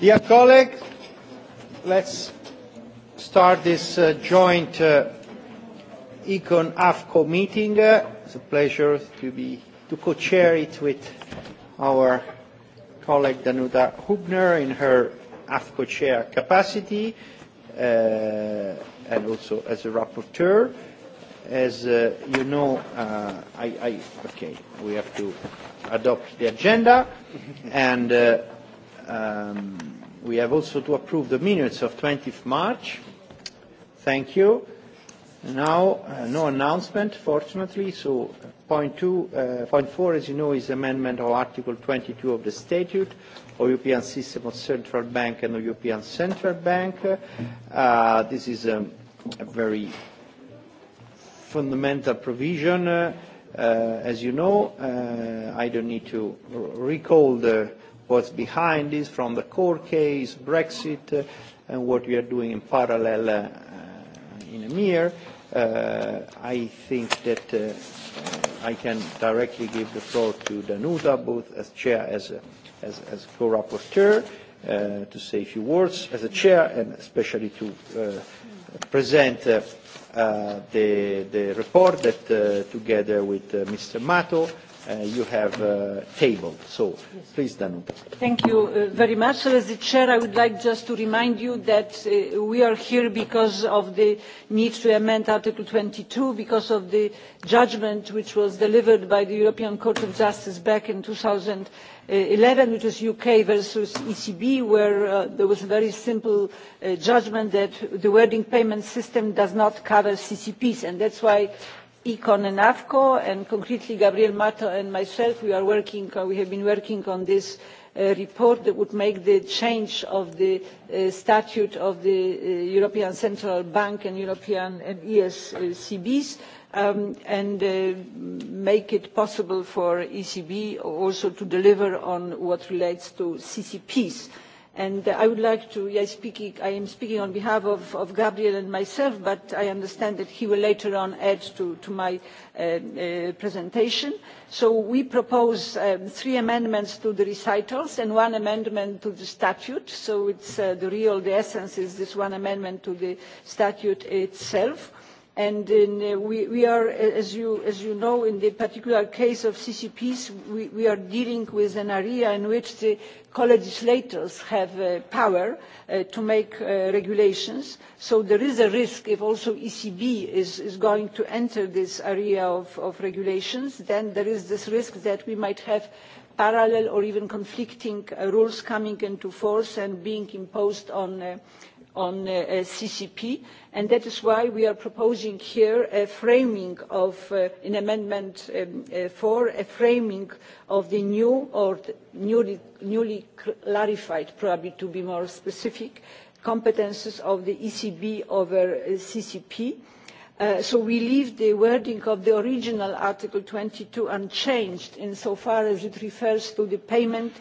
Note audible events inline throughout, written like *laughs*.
Dear colleagues, let's start this uh, joint uh, Econ AFCO meeting. Uh, it's a pleasure to be to co-chair it with our colleague Danuta Hubner in her AFCO chair capacity uh, and also as a rapporteur. As uh, you know, uh, I, I, okay, we have to adopt the agenda and uh, um, We have also to approve the minutes of 20th March. Thank you. Now, uh, no announcement, fortunately. So point two, uh, point four, as you know, is amendment of Article 22 of the Statute of European System of Central Bank and the European Central Bank. Uh, this is a, a very fundamental provision. Uh, uh, as you know, uh, I don't need to recall the what's behind this from the court case, Brexit, uh, and what we are doing in parallel uh, uh in mirror, Uh, I think that uh, uh, I can directly give the floor to Danuta, both as chair as, a, uh, as, as co-rapporteur, uh, to say a few words as a chair and especially to uh, present uh, uh, the, the report that uh, together with uh, Mr. Mato Uh, you have uh, tabled. So please, Danuta. Thank you uh, very much. So as the chair, I would like just to remind you that uh, we are here because of the need to amend Article 22, because of the judgment which was delivered by the European Court of Justice back in 2011, eleven which is uk versus ecb where uh, there was a very simple uh, judgment that the wording payment system does not cover ccps and that is why econ and afco and concretely gabriel mato and myself we, are working, uh, we have been working on this uh, report that would make the change of the uh, statute of the uh, european central bank and european and escbs um, and uh, make it possible for the ecb also to deliver on what relates to ccps And I would like to, yeah, I am speaking on behalf of, Gabriel and myself, but I understand that he will later on add to, my uh, uh, presentation. So we propose um, three amendments to the recitals and one amendment to the statute. So it's, uh, the real, the essence is this one amendment to the statute itself and in, uh, we, we are, as you, as you know, in the particular case of CCPs, we, we are dealing with an area in which the co-legislators have uh, power uh, to make uh, regulations. So there is a risk if also ECB is, is going to enter this area of, of regulations, then there is this risk that we might have parallel or even conflicting uh, rules coming into force and being imposed on uh, on uh, ccp and that is why we are proposing here a framing of uh, in amendment um, uh, four a framing of the new or newly, clarified probably to be more specific competences of the ecb over ccp so we leave the wording of the original article twenty two unchanged insofar as it refers to the payment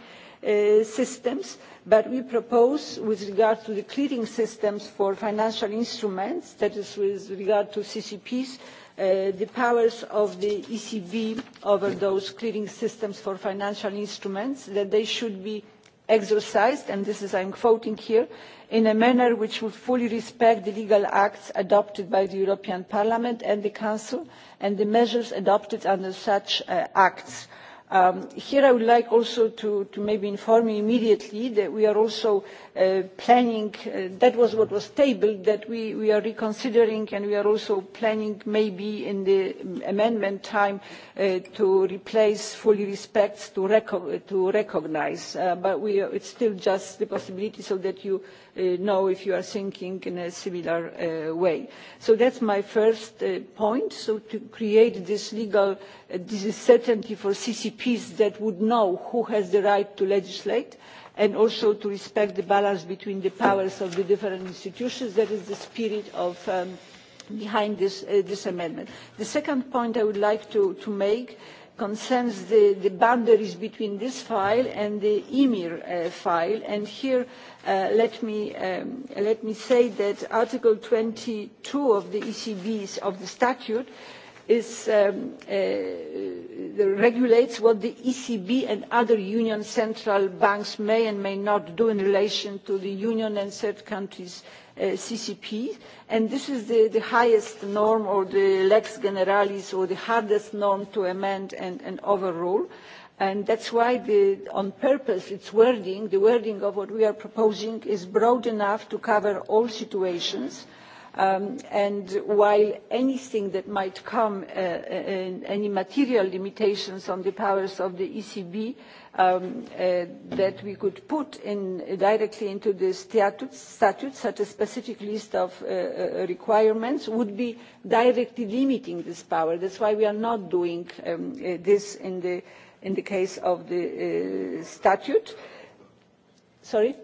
Uh, systems but we propose with regard to the clearing systems for financial instruments that is with regard to ccps uh, the powers of the ecb over those clearing systems for financial instruments that they should be exercised and this is i am quoting here in a manner which would fully respect the legal acts adopted by the european parliament and the council and the measures adopted under such uh, acts' Um, here i would like also to, to maybe inform you immediately that we are also uh, planning uh, that was what was tabled that we, we are reconsidering and we are also planning maybe in the amendment time uh, to replace fully respects to, to recognise' but we are, it's still just the possibility so that you Uh, know if you are thinking in a similar uh, way. so that is my first uh, point so to create this legal certainty for ccps that would know who has the right to legislate and also to respect the balance between the powers of the different institutions that is the spirit um, behind this, amendment. the second point i would like to, to make is concerns the, the boundaries between this file and the emir uh, file and here uh, let, me, um, let me say that article twenty two of the ecb's of the statute is, um, uh, regulates what the ecb and other union central banks may and may not do in relation to the union and third countries' Uh, CCP, and this is the, highest norm or the lex generalis or the hardest norm to amend and, overrule and that's why on purpose its wording the wording of what we are proposing is broad enough to cover all situations um, and while anything that might come uh, uh, any material limitations on the powers of the ecb Um, uh, that we could put in directly into the statute, such a specific list of uh, uh, requirements would be directly limiting this power. That's why we are not doing um, this in the, in the case of the statute. Sorry?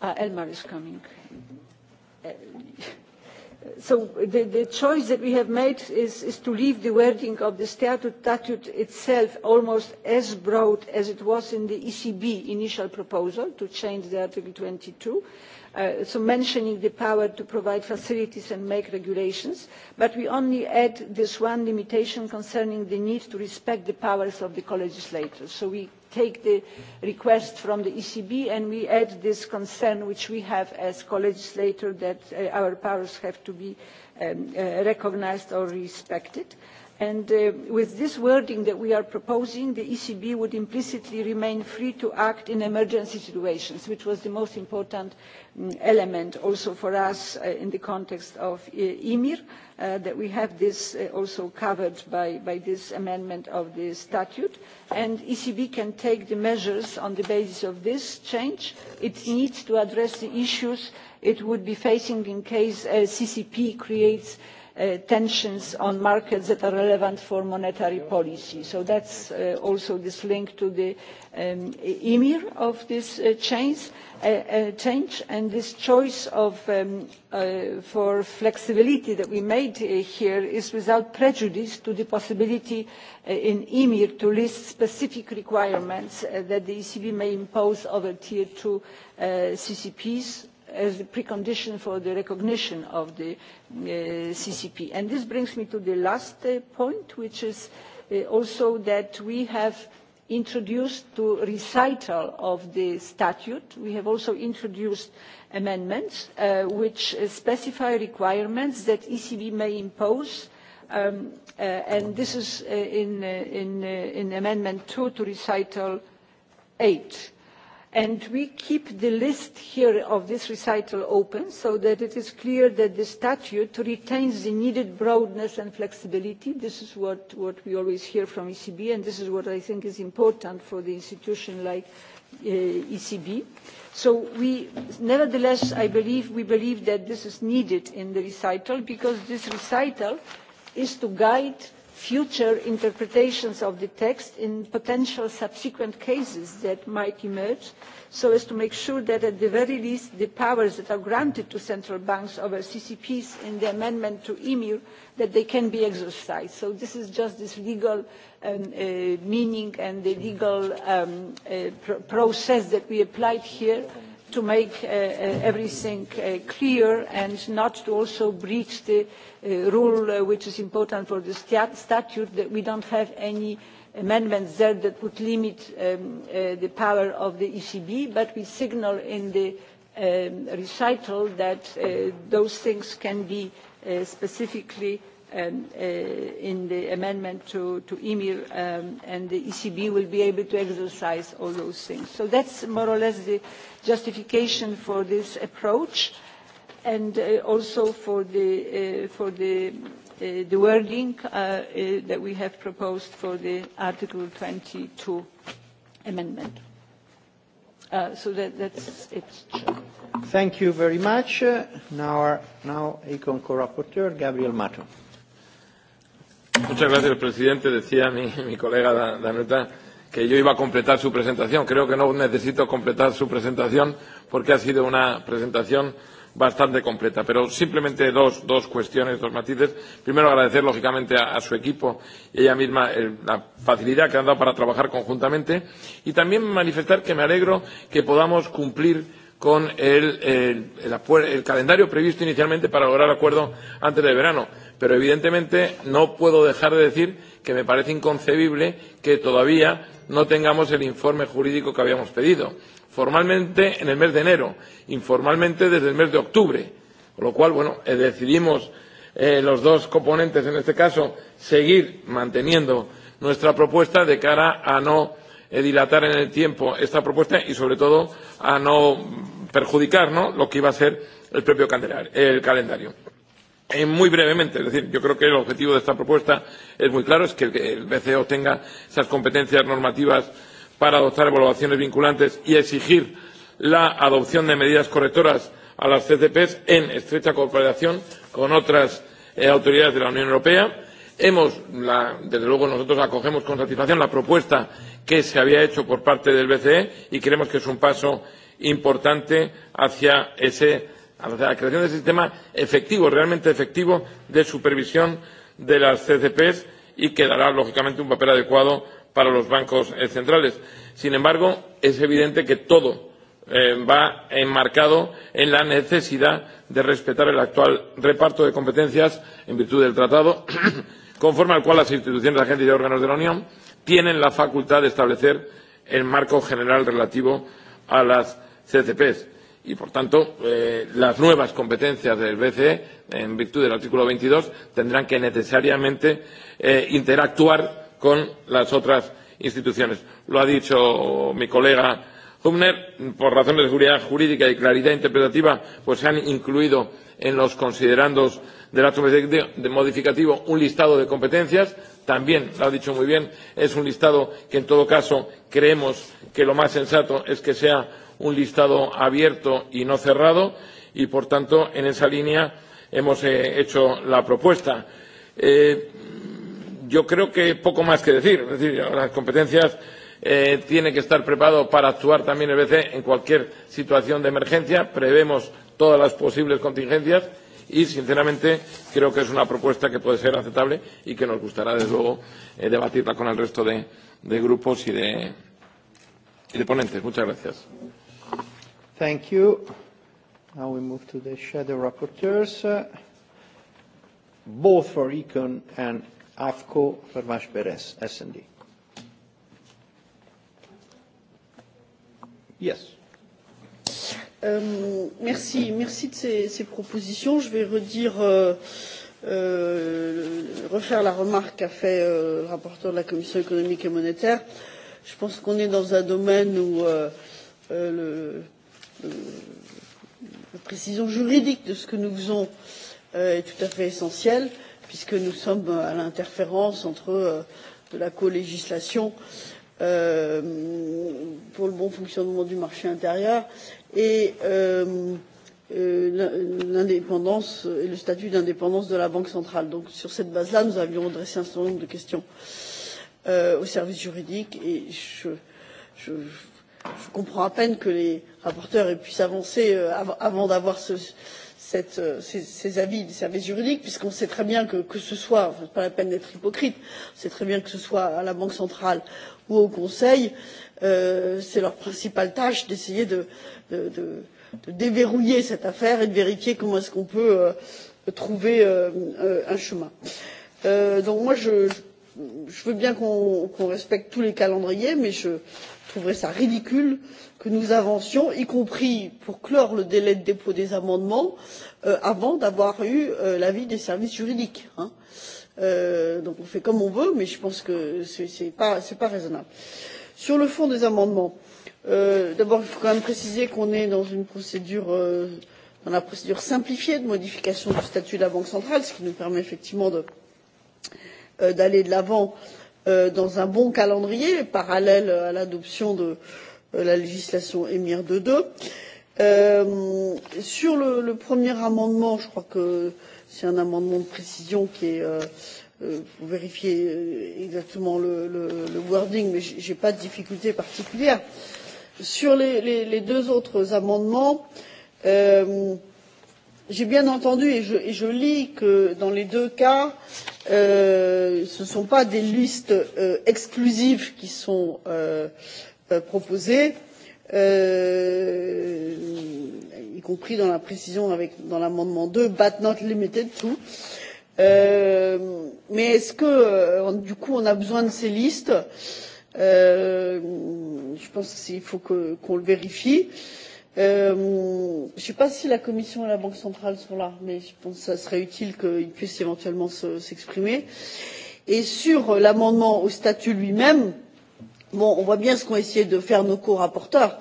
Elmar is coming so the, the choice that we have made is, is to leave the wording of the statute itself almost as broad as it was in the ecb initial proposal to change the article twenty two uh, so mentioning the power to provide facilities and make regulations but we only add this one limitation concerning the need to respect the powers of the co legislators so we take the request from the ecb and we add this concern which we have as co legislators that uh, our powers have to be um, uh, recognised or respected. And uh, with this wording that we are proposing, the ECB would implicitly remain free to act in emergency situations, which was the most important mm, element also for us uh, in the context of uh, EMIR, that we have this also covered by, this amendment of the statute. And the ECB can take the measures on the basis of this change. It needs to address the issues it would be facing in case a CCP creates Uh, tensions on markets that are relevant for monetary policy. so that is uh, also this link to the um, emir of this uh, change, change and this choice of, um, for flexibility that we made here is without prejudice to the possibility in emir to list specific requirements that the ecb may impose over tier two ccps as a precondition for the recognition of the uh, ccp. this brings me to the last uh, point which is uh, also that we have introduced to the recital of the statute we have also introduced amendments which specify requirements that the ecb may impose um, and this is in amendment two to recital eight and we keep the list here of this recital open so that it is clear that the statute retains the needed broadness and flexibility. This is what, what we always hear from the ECB, and this is what I think is important for the institution like uh, ECB. So we, nevertheless, I believe, we believe that this is needed in the recital because this recital is to guide future interpretations of the text in potential subsequent cases that might emerge so as to make sure that at the very least the powers that are granted to central banks over ccps in the amendment to emir that they can be exercised. so this is just this legal um, uh, meaning and the legal um, uh, process that we applied here to make uh, uh, everything uh, clear and not to also breach the rule which is important for the statute that we do not have any amendments there that would limit um, the power of the ecb but we signal in the um, recital that those things can be specifically Uh, in the amendment to, to EMIR, um, and the ECB will be able to exercise all those things. So that's more or less the justification for this approach and uh, also for the, uh, for the, uh, the wording uh, uh, that we have proposed for the Article 22 amendment. Uh, so that, that's it. Thank you very much. Uh, now, our, now, Econ co-rapporteur Gabriel Mato. Muchas gracias, presidente. Decía mi, mi colega Danuta que yo iba a completar su presentación. Creo que no necesito completar su presentación porque ha sido una presentación bastante completa. Pero simplemente dos, dos cuestiones, dos matices. Primero, agradecer lógicamente a, a su equipo y ella misma el, la facilidad que han dado para trabajar conjuntamente. Y también manifestar que me alegro que podamos cumplir con el, el, el, el calendario previsto inicialmente para lograr acuerdo antes del verano. Pero evidentemente no puedo dejar de decir que me parece inconcebible que todavía no tengamos el informe jurídico que habíamos pedido. Formalmente en el mes de enero, informalmente desde el mes de octubre. Con lo cual, bueno, eh, decidimos eh, los dos componentes en este caso seguir manteniendo nuestra propuesta de cara a no Eh, dilatar en el tiempo esta propuesta y, sobre todo, a no perjudicar ¿no? lo que iba a ser el propio el calendario. Eh, muy brevemente, es decir, yo creo que el objetivo de esta propuesta es muy claro, es que el BCE obtenga esas competencias normativas para adoptar evaluaciones vinculantes y exigir la adopción de medidas correctoras a las CCP en estrecha cooperación con otras eh, autoridades de la Unión Europea Hemos, la, desde luego, nosotros acogemos con satisfacción la propuesta que se había hecho por parte del BCE y creemos que es un paso importante hacia, ese, hacia la creación de ese sistema efectivo, realmente efectivo, de supervisión de las CCPs y que dará, lógicamente, un papel adecuado para los bancos eh, centrales. Sin embargo, es evidente que todo eh, va enmarcado en la necesidad de respetar el actual reparto de competencias en virtud del tratado *clears throat* conforme al cual las instituciones, agentes y órganos de la Unión tienen la facultad de establecer el marco general relativo a las CCP y, por tanto, eh, las nuevas competencias del BCE, en virtud del artículo 22, tendrán que necesariamente eh, interactuar con las otras instituciones. Lo ha dicho mi colega Hübner, por razones de seguridad jurídica y claridad interpretativa, pues se han incluido en los considerandos del acto modificativo un listado de competencias. También, lo ha dicho muy bien, es un listado que en todo caso creemos que lo más sensato es que sea un listado abierto y no cerrado y, por tanto, en esa línea hemos eh, hecho la propuesta. Eh, yo creo que poco más que decir. Es decir, las competencias eh, tiene que estar preparado para actuar también el BCE en cualquier situación de emergencia. Prevemos todas las posibles contingencias y, sinceramente, creo que es una propuesta que puede ser aceptable y que nos gustará, desde luego, eh, debatirla con el resto de, de grupos y de, y de ponentes. Muchas gracias. Thank you. Now we move to the shadow rapporteurs, uh, both for Econ and AFCO, Fermash Beres, S&D. Yes. Euh, merci, merci de ces, ces propositions. Je vais redire, euh, euh, refaire la remarque qu'a fait euh, le rapporteur de la Commission économique et monétaire. Je pense qu'on est dans un domaine où euh, euh, le, euh, la précision juridique de ce que nous faisons euh, est tout à fait essentielle, puisque nous sommes à l'interférence entre euh, de la colégislation législation Euh, pour le bon fonctionnement du marché intérieur et euh, euh, l'indépendance et le statut d'indépendance de la banque centrale. Donc, sur cette base là nous avions adressé un certain nombre de questions euh, aux services juridiques et je, je, je comprends à peine que les rapporteurs aient pu avancer euh, avant d'avoir ce, Euh, ces, avis des services juridiques puisqu'on sait très bien que que ce soit enfin, pas la peine d'être hypocrite on sait très bien que ce soit à la banque centrale ou au conseil euh, c'est leur principale tâche d'essayer de, de, de, de déverrouiller cette affaire et de vérifier comment est ce qu'on peut euh, trouver euh, euh un chemin. Euh, donc moi je, je je veux bien qu'on qu respecte tous les calendriers mais je trouverais cela ridicule que nous avancions y compris pour clore le délai de dépôt des amendements euh, avant d'avoir eu euh, l'avis des services juridiques. Hein. Euh, donc on fait comme on veut mais je pense que ce n'est pas, pas raisonnable. sur le fond des amendements euh, d'abord il faut quand même préciser qu'on est dans une procédure euh, dans la procédure simplifiée de modification du statut de la banque centrale ce qui nous permet effectivement de Euh, d'aller de l'avant euh, dans un bon calendrier parallèle à l'adoption de euh, la législation emir ii. Euh, sur le, le premier amendement je crois que c'est un amendement de précision qui est euh, pour vérifier exactement le, le, le wording mais je n'ai pas de difficulté particulière. sur les, les, les deux autres amendements euh, j'ai bien entendu et je, et je lis que dans les deux cas euh, ce ne sont pas des listes euh, exclusives qui sont euh, euh proposées euh, y compris dans la précision avec, dans l'amendement deux but not limited to euh, mais est ce que du coup on a besoin de ces listes je pense qu'il faut qu'on qu le vérifie. Euh, Euh, je ne sais pas si la commission et la banque centrale sont là mais je pense que ce serait utile qu'ils puissent éventuellement s'exprimer. Se, et sur l'amendement au statut lui même bon, on voit bien ce qu'ont essayé de faire nos corapporteurs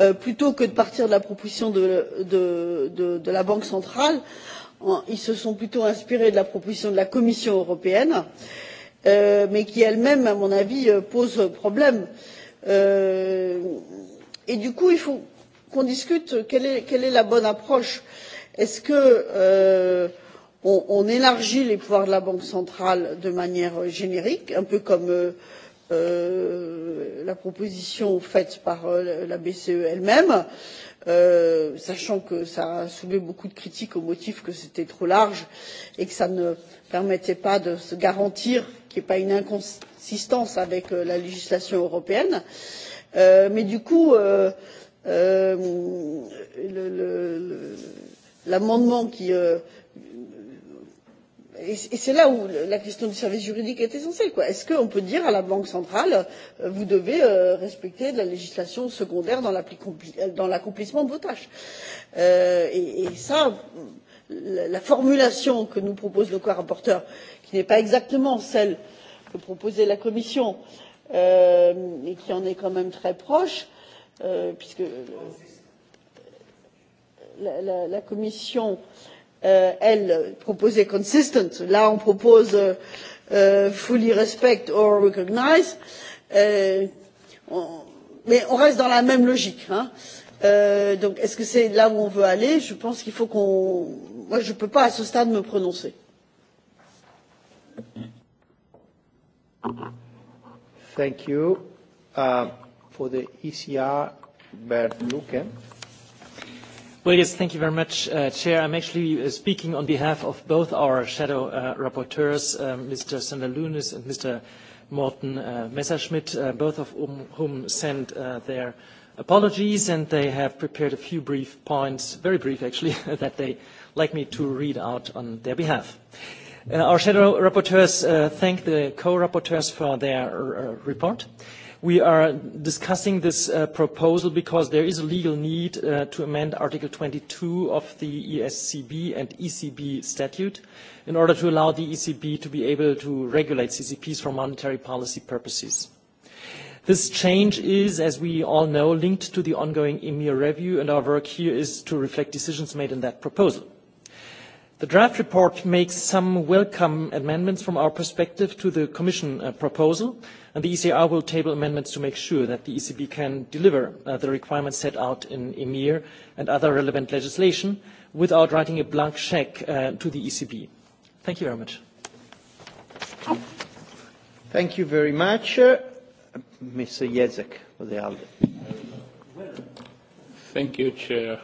euh, plutôt que de partir de la proposition de, de, de, de la banque centrale en, ils se sont plutôt inspirés de la proposition de la commission européenne euh, mais qui elle même à mon avis euh, pose problème. Euh, et du coup il faut qu'on discute quelle est, quelle est la bonne approche est ce que euh, on, on élargit les pouvoirs de la banque centrale de manière générique un peu comme euh, euh la proposition faite par euh, la bce elle même euh, sachant que ça a soulevé beaucoup de critiques au motif que c'était trop large et que ça ne permettait pas de se garantir qu'il n'y ait pas une inconsistance avec euh, la législation européenne. Euh, mais du coup euh, Euh, l'amendement qui euh, et c'est là où la question du service juridique est essentielle. Est ce qu'on peut dire à la Banque centrale euh, vous devez euh, respecter la législation secondaire dans l'accomplissement de vos tâches? Euh, et, et ça, la, la formulation que nous propose le co rapporteur, qui n'est pas exactement celle que proposait la Commission euh, et qui en est quand même très proche, euh, Euh, puisque euh, la, la, la commission, euh, elle, proposait consistent. Là, on propose euh, euh, fully respect or recognize. Euh, on, mais on reste dans la même logique. Hein. Euh, donc, est-ce que c'est là où on veut aller Je pense qu'il faut qu'on. Moi, je ne peux pas à ce stade me prononcer. Thank you. Uh, for the ECR, Bert Lucke. Well, yes, thank you very much, uh, Chair. I'm actually uh, speaking on behalf of both our shadow uh, rapporteurs, uh, Mr. Sander Lunes and Mr. Morten uh, Messerschmidt, uh, both of whom, whom sent uh, their apologies, and they have prepared a few brief points, very brief actually, *laughs* that they like me to read out on their behalf. Uh, our shadow rapporteurs uh, thank the co-rapporteurs for their uh, report. Uh, We are discussing this uh, proposal because there is a legal need uh, to amend Article 22 of the ESCB and ECB statute in order to allow the ECB to be able to regulate CCPs for monetary policy purposes. This change is, as we all know, linked to the ongoing EMIR review, and our work here is to reflect decisions made in that proposal. The draft report makes some welcome amendments from our perspective to the Commission uh, proposal, And the ECR will table amendments to make sure that the ECB can deliver uh, the requirements set out in EMIR and other relevant legislation without writing a blank cheque uh, to the ECB. Thank you very much. Thank you very much. Uh, Mr. Jezek for the ALDE. Thank you, Chair.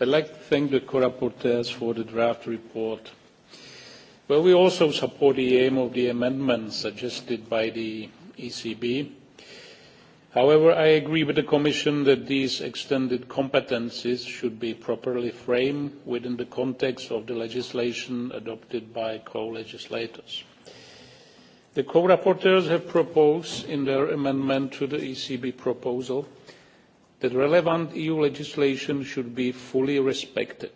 I'd like to thank the co-rapporteurs for the draft report Well, we also support the aim of the amendments suggested by the ECB. However, I agree with the Commission that these extended competences should be properly framed within the context of the legislation adopted by co-legislators. The co-rapporteurs have proposed in their amendment to the ECB proposal that relevant EU legislation should be fully respected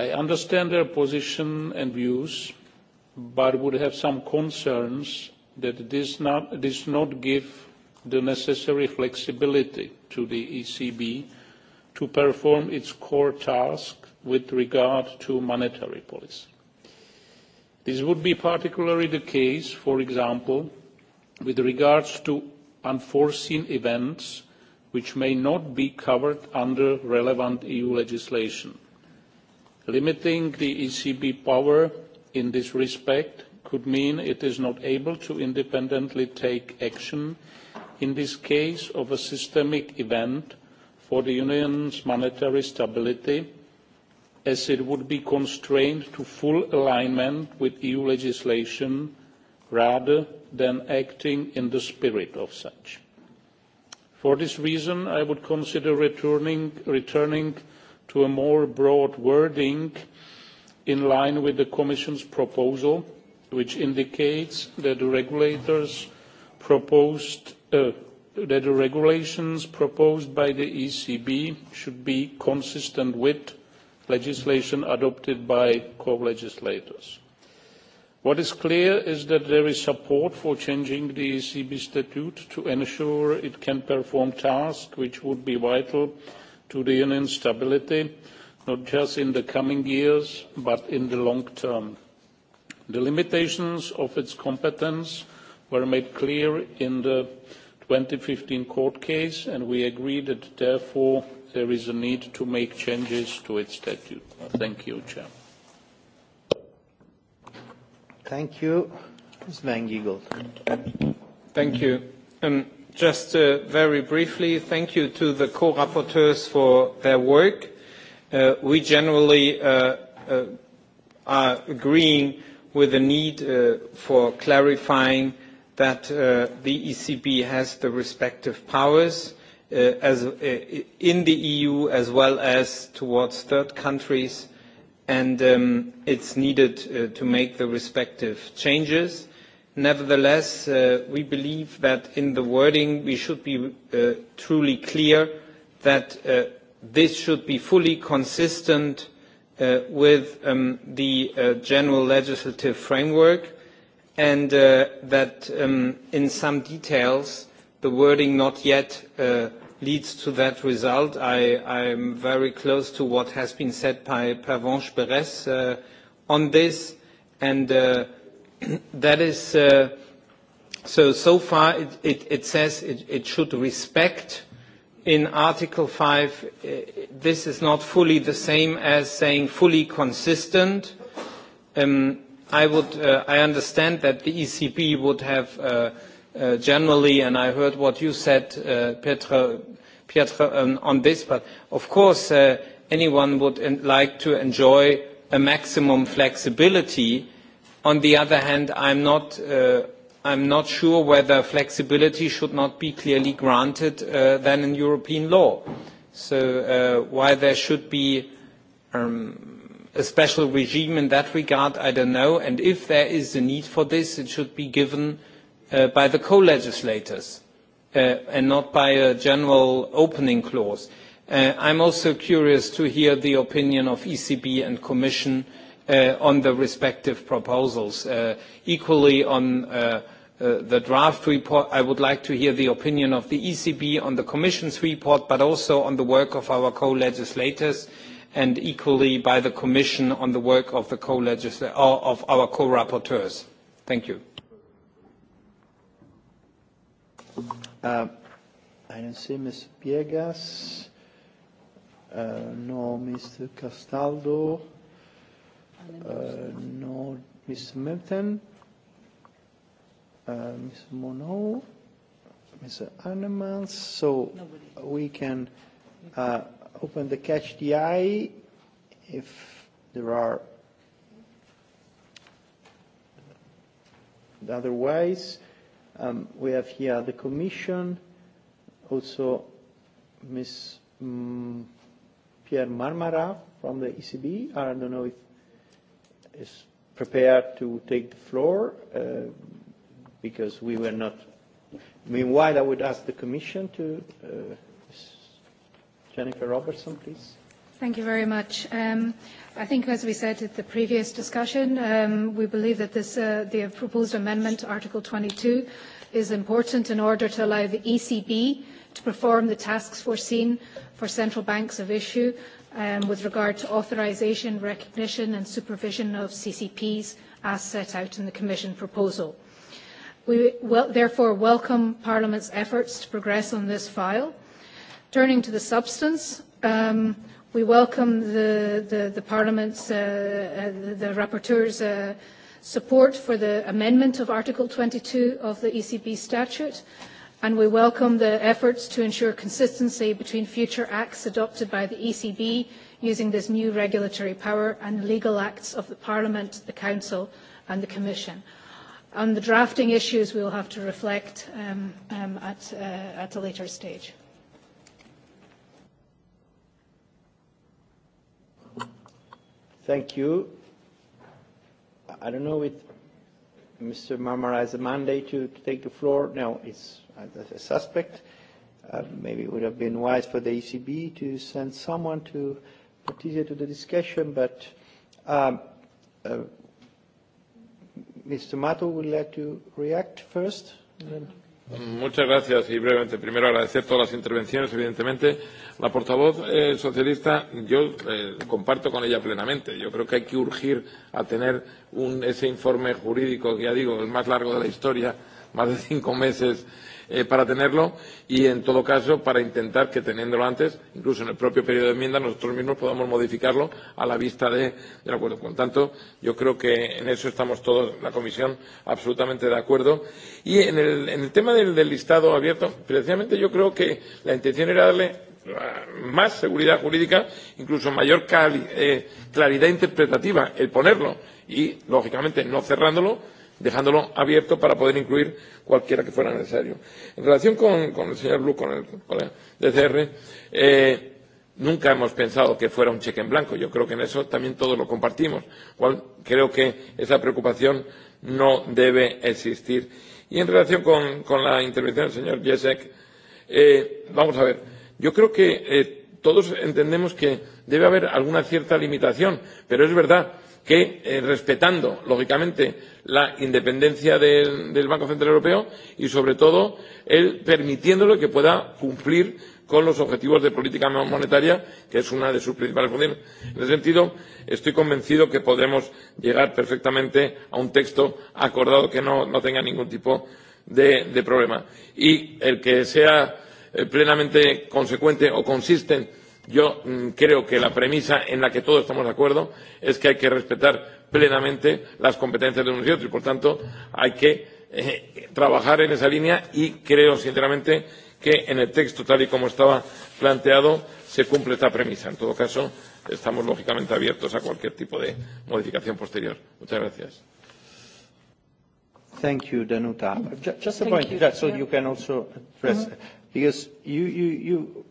i understand their position and views, but would have some concerns that this not, not give the necessary flexibility to the ECB to perform its core task with regard to monetary policy. This would be particularly the case, for example, with regards to unforeseen events which may not be covered under relevant EU legislation. Limiting the ECB power in this respect could mean it is not able to independently take action in this case of a systemic event for the Union's monetary stability, as it would be constrained to full alignment with EU legislation rather than acting in the spirit of such. For this reason, I would consider returning, returning to a more broad wording in line with the Commission's proposal, which indicates that the regulators proposed uh, that the regulations proposed by the ECB should be consistent with legislation adopted by co-legislators. What is clear is that there is support for changing the ECB statute to ensure it can perform tasks which would be vital to the union's stability, not just in the coming years, but in the long term. The limitations of its competence were made clear in the fifteen court case, and we agree that therefore there is a need to make changes to its statute. Thank you, Chair. Thank you. Ms. Van Giegel. Thank you. Um, Just uh, very briefly, thank you to the co-rapporteurs for their work. Uh, we generally uh, uh, are agreeing with the need uh, for clarifying that uh, the ECB has the respective powers uh, as, uh, in the EU as well as towards third countries, and um, it's needed uh, to make the respective changes Nevertheless, uh, we believe that in the wording, we should be uh, truly clear that uh, this should be fully consistent uh, with um, the uh, general legislative framework and uh, that um, in some details, the wording not yet leads to that result. I am very close to what has been said by Pervenche Berès on this, and that is uh, so so far it, it, it says it, it should respect in article 5 uh, this is not fully the same as saying fully consistent um, i would uh, i understand that the ecb would have uh, uh, generally and i heard what you said uh, Petra, Pietra, um, on this but of course uh, anyone would like to enjoy a maximum flexibility on the other hand, I'm not, uh, I'm not sure whether flexibility should not be clearly granted uh, than in European law. So uh, why there should be um, a special regime in that regard, I don't know. And if there is a need for this, it should be given uh, by the co-legislators uh, and not by a general opening clause. Uh, I'm also curious to hear the opinion of ECB and Commission uh, uh, on the respective proposals. Uh, equally on uh, uh, the draft report, I would like to hear the opinion of the ECB on the Commission's report, but also on the work of our co-legislators and equally by the Commission on the work of, the co or of our co-rapporteurs. Thank you. Uh, I don't see Ms. Piegas. Uh, no, Mr. Castaldo. Uh, no, Ms. Milton, uh, Ms. Monod, Mr. Annemans. So Nobody. we can uh, open the catch the eye if there are otherwise. Um, we have here the Commission, also Ms. Mm Pierre Marmara from the ECB. I don't know if is prepared to take the floor uh, because we were not. Meanwhile, I would ask the Commission to. Uh, Jennifer Robertson, please. Thank you very much. Um, I think, as we said at the previous discussion, um, we believe that this, uh, the proposed amendment, Article 22, is important in order to allow the ECB to perform the tasks foreseen for central banks of issue um, with regard to authorisation, recognition and supervision of CCPs as set out in the Commission proposal. We wel therefore welcome Parliament's efforts to progress on this file. Turning to the substance, um, we welcome the, the, the Parliament's, uh, uh, the, the Rapporteur's uh, support for the amendment of Article 22 of the ECB statute and we welcome the efforts to ensure consistency between future acts adopted by the ECB using this new regulatory power and legal acts of the Parliament, the Council and the Commission. On the drafting issues, we will have to reflect um, um, at, uh, at a later stage. Thank you. I don't know if Mr. Marmara has a mandate to, to take the floor. No, it's as a suspect. Uh, maybe it would have been wise for the ECB to send someone to participate to the discussion, but um, uh, Mr. Mato would like to react first. then... Muchas gracias y brevemente. Primero agradecer todas las intervenciones, evidentemente. La portavoz eh, socialista yo eh, comparto con ella plenamente. Yo creo que hay que urgir a tener un, ese informe jurídico, que ya digo, el más largo de la historia más de cinco meses eh, para tenerlo y, en todo caso, para intentar que, teniéndolo antes, incluso en el propio periodo de enmienda, nosotros mismos podamos modificarlo a la vista de, del acuerdo. Por tanto, yo creo que en eso estamos todos, la Comisión, absolutamente de acuerdo. Y en el, en el tema del, del listado abierto, precisamente yo creo que la intención era darle ah, más seguridad jurídica, incluso mayor cali, eh, claridad interpretativa el ponerlo y, lógicamente, no cerrándolo, dejándolo abierto para poder incluir cualquiera que fuera necesario. En relación con, con el señor Blue, con el colega de CR, eh, nunca hemos pensado que fuera un cheque en blanco. Yo creo que en eso también todos lo compartimos. Cual, creo que esa preocupación no debe existir. Y en relación con, con la intervención del señor Jesek, eh, vamos a ver, yo creo que eh, todos entendemos que debe haber alguna cierta limitación, pero es verdad que eh, respetando lógicamente la independencia del, del Banco Central Europeo y sobre todo el permitiéndole que pueda cumplir con los objetivos de política monetaria, que es una de sus principales funciones. En ese sentido, estoy convencido que podremos llegar perfectamente a un texto acordado que no, no tenga ningún tipo de, de problema. Y el que sea eh, plenamente consecuente o consistente Yo mmm, creo que la premisa en la que todos estamos de acuerdo es que hay que respetar plenamente las competencias de unos y otros y, por tanto, hay que eh, trabajar en esa línea y creo, sinceramente, que en el texto tal y como estaba planteado se cumple esta premisa. En todo caso, estamos lógicamente abiertos a cualquier tipo de modificación posterior. Muchas gracias. Thank you, Danuta. Just, just a Thank point, you. so you can also address, mm -hmm. because you, you, you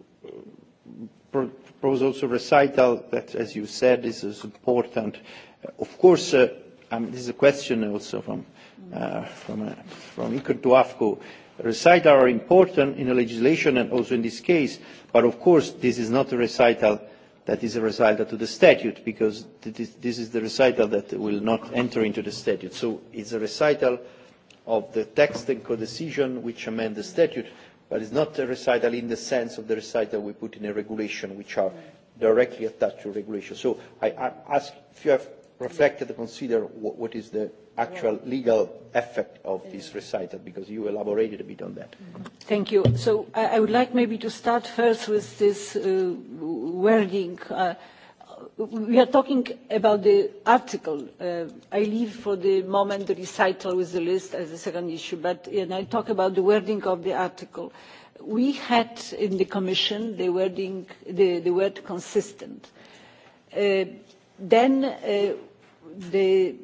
propose also recital that, as you said, is, is important. Uh, of course, uh, um, this is a question also from, uh, from, uh, from Iker to Recital are important in the legislation and also in this case, but of course this is not a recital that is a recital to the statute because this, this is the recital that will not enter into the statute. So it's a recital of the text and co-decision which amend the statute but it's not a recital in the sense of the recital we put in a regulation, which are directly attached to regulation. So I, I ask if you have reflected and considered what, what is the actual legal effect of this recital, because you elaborated a bit on that. Thank you. So I, I would like maybe to start first with this uh, wording. Uh, we are talking about the article. Uh, I leave for the moment the recital with the list as a second issue, but and I talk about the wording of the article. We had in the Commission the, wording, the, the word consistent. Uh, then uh, the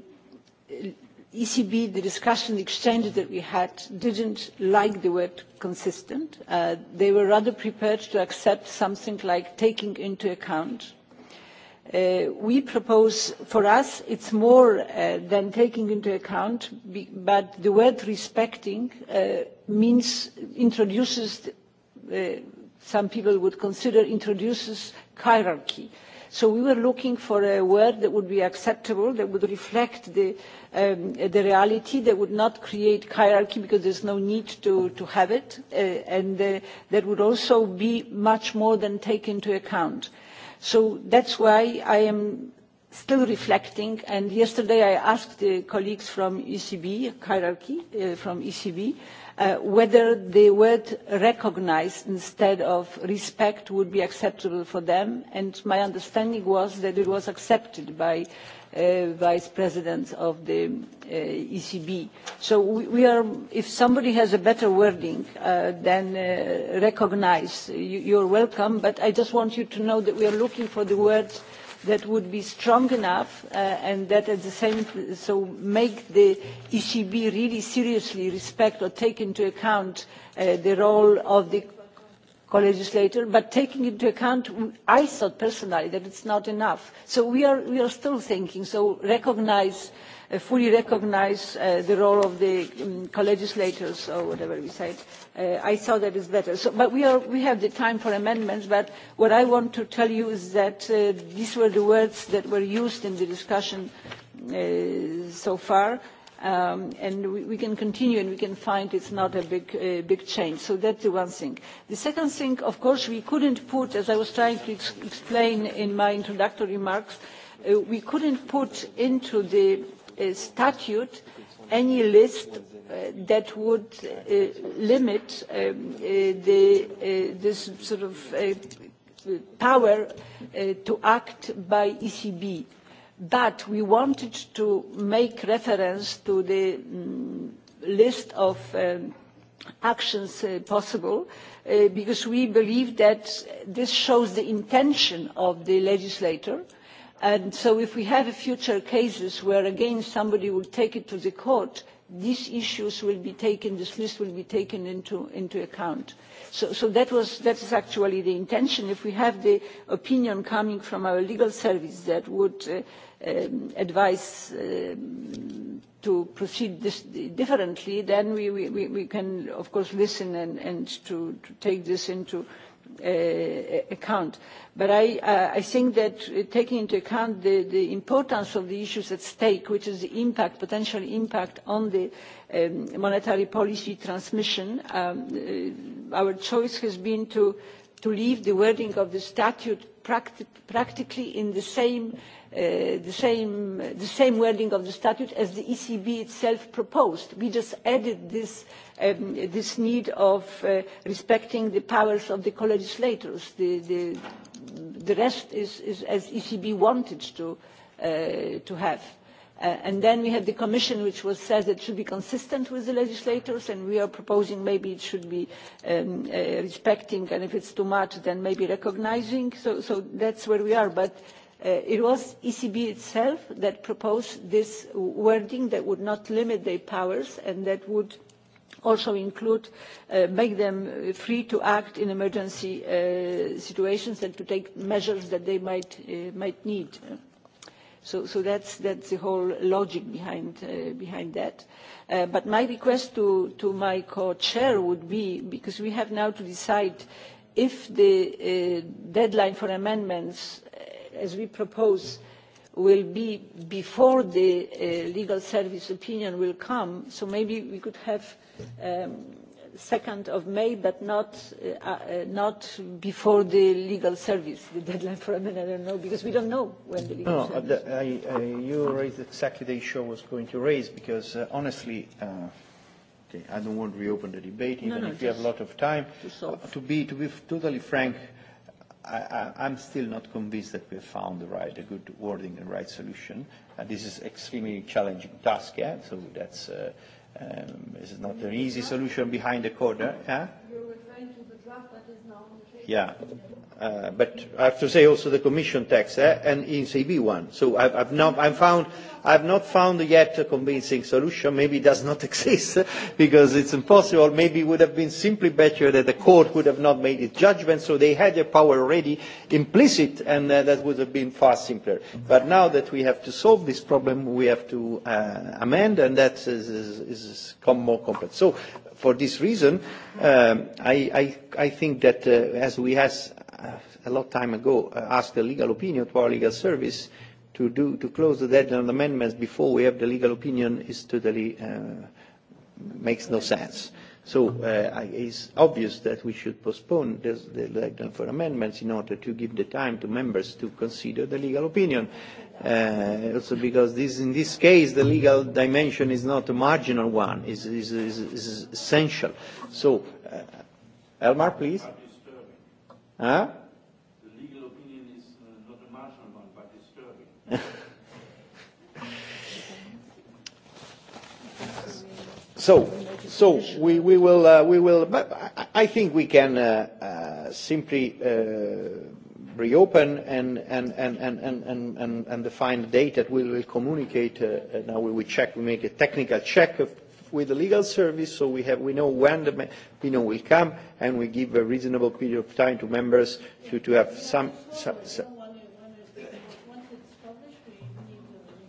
ECB, the discussion, the exchange that we had, didn't like the word consistent. Uh, they were rather prepared to accept something like taking into account Uh, we propose for us it is more uh, than taking into account but the word respecting uh, means introduces some people would consider introduces hierarchy so we were looking for a word that would be acceptable that would reflect the, um, reality that would not create hierarchy because there is no need to, have it and that would also be much more than take into account so that's why i am still reflecting and yesterday i asked the colleagues from ecb hierarchy uh, from ecb uh, whether the word recognise instead of respect would be acceptable for them and my understanding was that it was accepted by Uh, vice president of the uh, ECB. So we, we are, if somebody has a better wording, uh, then recognise you, are welcome, but I just want you to know that we are looking for the words that would be strong enough and that at the same so make the ECB really seriously respect or take into account the role of the co-legislator, but taking into account, mm, I thought personally that it's not enough. So we are, we are still thinking, so recognize, uh, fully recognise uh, the role of the mm, co-legislators or whatever we said. Uh, I thought that is better. but we, are, we have the time for amendments, but what I want to tell you is that these were the words that were used in the discussion so far Um, and we, we can continue and we can find it's not a big, uh, big change. So that's the one thing. The second thing, of course, we couldn't put, as I was trying to ex explain in my introductory remarks, uh, we couldn't put into the uh, statute any list uh, that would uh, limit um, uh, the, uh, this sort of uh, power uh, to act by ecb but we wanted to make reference to the mm, list of uh, actions uh, possible uh, because we believe that this shows the intention of the legislator and so if we have future cases where again somebody will take it to the court these issues will be taken, this list will be taken into, into account. So, so that, was, that is actually the intention. If we have the opinion coming from our legal service that would uh, um, advise um, to proceed this differently, then we, we, we can, of course, listen and, and to, to take this into Uh, account. But I, uh, I think that taking into account the, the importance of the issues at stake, which is the impact, potential impact on the um, monetary policy transmission, um, uh, our choice has been to, to leave the wording of the statute practically in the same, uh, the, same, the same wording of the statute as the ecb itself proposed. we just added this, um, need of uh, respecting the powers of the co-legislators. The, rest is, is as ecb wanted to uh, have Uh, and then we have the commission which was, says it should be consistent with the legislators and we are proposing maybe it should be um, uh, respecting and if it's too much then maybe recognising so, so that's where we are but uh, it was the ecb itself that proposed this wording that would not limit their powers and that would also include uh, make them free to act in emergency uh, situations and to take measures that they might, uh, might need. So, so that's, that's the whole logic behind, uh, behind that. Uh, but my request to, to my co-chair would be, because we have now to decide if the uh, deadline for amendments, uh, as we propose, will be before the uh, legal service opinion will come, so maybe we could have um, two of May, but not, uh, uh, not before the legal service, the deadline for amendment, I don't know, because we don't know when the legal no, uh, service... No, the, I, I, you raised exactly the issue I was going to raise, because uh, honestly, uh, okay, I don't want to reopen the debate, no, even no, no, if we have a lot of time. To, uh, to, be, to be totally frank, I, I, I'm still not convinced that we have found the right, a good wording and right solution. And uh, this is extremely challenging task, yeah? so that's... Uh, Um, this is not an easy solution behind the corner. Huh? Eh? Yeah. Uh, but I have to say also the Commission text eh, and ECB one. So I've, I've, not, I've, found, I've not found yet a convincing solution. Maybe it does not *laughs* exist because it's impossible. Maybe it would have been simply better that the court would have not made its judgment. So they had their power already implicit and uh, that would have been far simpler. But now that we have to solve this problem, we have to uh, amend and that is, is, is more complex. So for this reason, um, I, I, I think that uh, as we has uh, a long time ago uh, asked a legal opinion to our legal service to, do, to close the deadline on amendments before we have the legal opinion is totally uh, makes no sense. So uh, I, it's obvious that we should postpone this, the deadline for amendments in order to give the time to members to consider the legal opinion uh, also because this, in this case the legal dimension is not a marginal one, is is, is, is essential. So, uh, Elmar, please. Huh? The legal opinion is uh, not a marginal one, but disturbing. *laughs* so, so we, we will, uh, we will, but I, I think we can uh, uh, simply. Uh, reopen and, and, and, and, and, and, and, and define the date that we will communicate. Uh, uh now we will check, we make a technical check of, with the legal service so we, have, we know when the opinion will come and we give a reasonable period of time to members to, to have some, some, some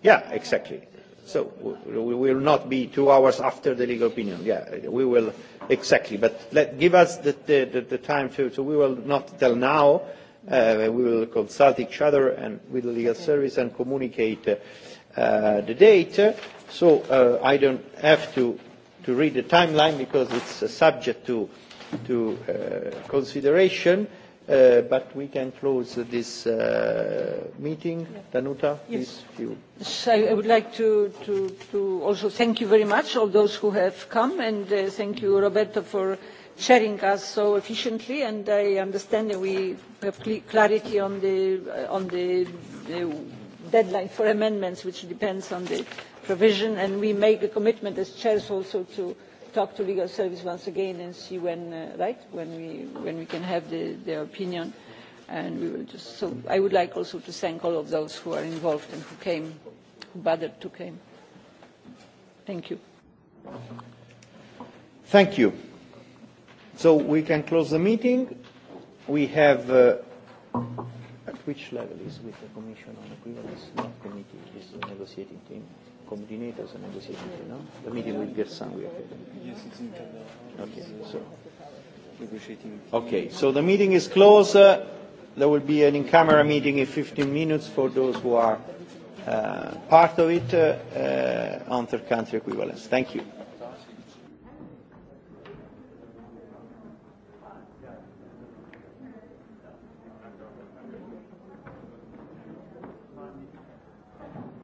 Yeah, exactly. So we will not be two hours after the legal opinion. Yeah, we will exactly. But let, give us the, the, the, the time to, so we will not tell now Uh, we will consult each other and with the legal service and communicate uh, the date. So uh, I don't have to, to read the timeline because it's uh, subject to, to uh, consideration. Uh, but we can close this uh, meeting. Yeah. Danuta, yes. please. You. So I would like to, to, to also thank you very much, all those who have come, and uh, thank you, Roberto, for sharing us so efficiently and i understand that we have clarity on the, uh, on the, deadline for amendments which depends on the provision and we make a commitment as chairs also to talk to legal service once again and see when uh, right when we when we can have the, their opinion and we will just so i would like also to thank all of those who are involved and who came who bothered to come thank you thank you so we can close the meeting. We have, uh, at which level is with the Commission on Equivalence? Not committee, is the negotiating team. Coordinators and negotiating team, no? The meeting will get somewhere. Yes, it's in Okay, so. Negotiating. Okay, so the meeting is closed. Uh, there will be an in-camera meeting in 15 minutes for those who are uh, part of it uh, uh, on third country equivalence. Thank you.